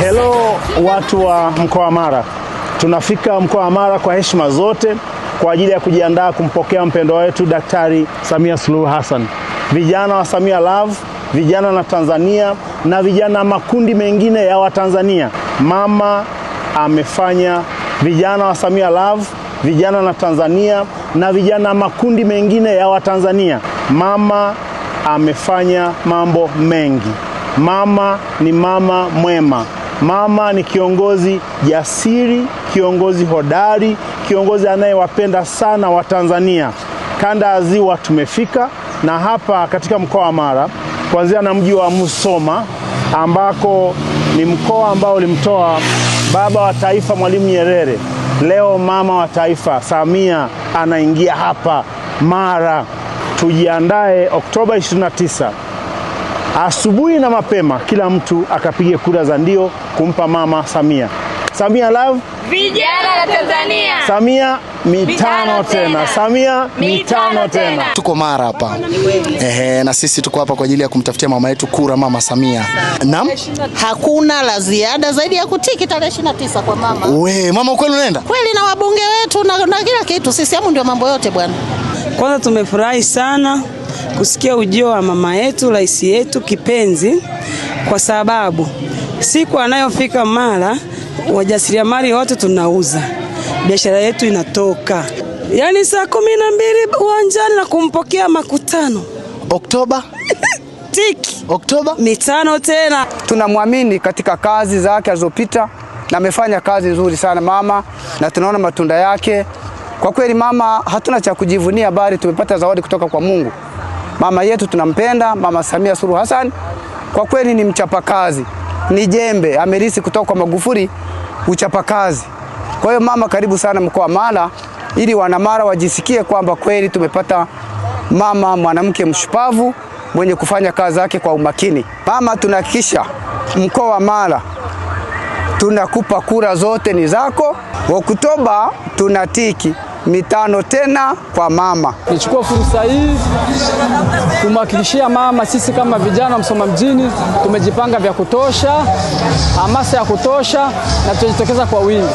Hello watu wa mkoa wa Mara, tunafika mkoa wa Mara kwa heshima zote kwa ajili ya kujiandaa kumpokea mpendwa wetu Daktari Samia Suluhu Hassan. Vijana wa Samia Love, vijana na Tanzania na vijana makundi mengine ya Watanzania, mama amefanya. Vijana wa Samia Love, vijana na Tanzania na vijana makundi mengine ya Watanzania, mama amefanya mambo mengi. Mama ni mama mwema. Mama ni kiongozi jasiri, kiongozi hodari, kiongozi anayewapenda sana Watanzania. Kanda ya Ziwa tumefika, na hapa katika mkoa wa Mara kuanzia na mji wa Musoma ambako ni mkoa ambao ulimtoa baba wa taifa Mwalimu Nyerere. Leo mama wa taifa Samia anaingia hapa Mara. Tujiandae Oktoba asubuhi na mapema, kila mtu akapiga kura za ndio kumpa mama Samia. Samia love vijana wa Tanzania. Samia mitano tena, Samia mitano tena. Tuko mara hapa ehe, na sisi tuko hapa kwa ajili ya kumtafutia mama yetu kura, mama Samia. Naam, hakuna la ziada zaidi ya kutiki tarehe 29 kwa mama. We mama, ukweli unaenda kweli, na wabunge wetu na, na kila kitu, sisi hamu ndio mambo yote bwana. Kwanza tumefurahi sana kusikia ujio wa mama yetu, rais yetu kipenzi, kwa sababu siku anayofika Mara wajasiriamali wote tunauza, biashara yetu inatoka, yaani saa kumi na mbili uwanjani na kumpokea makutano Oktoba tiki Oktoba mitano tena. Tunamwamini katika kazi zake alizopita na amefanya kazi nzuri sana mama, na tunaona matunda yake. Kwa kweli mama, hatuna cha kujivunia, bali tumepata zawadi kutoka kwa Mungu. Mama yetu tunampenda, Mama Samia Suluhu Hassan kwa kweli ni mchapakazi, ni jembe, amerisi kutoka kwa Magufuli uchapakazi. Kwa hiyo mama, karibu sana mkoa wa Mara, ili wanamara wajisikie kwamba kweli tumepata mama mwanamke mshupavu mwenye kufanya kazi zake kwa umakini. Mama, tunahakikisha mkoa wa Mara tunakupa kura zote ni zako. Oktoba tunatiki mitano tena kwa mama. Nichukua fursa hii kumwakilishia mama, sisi kama vijana Msoma mjini tumejipanga vya kutosha, hamasa ya kutosha, na tutajitokeza kwa wingi.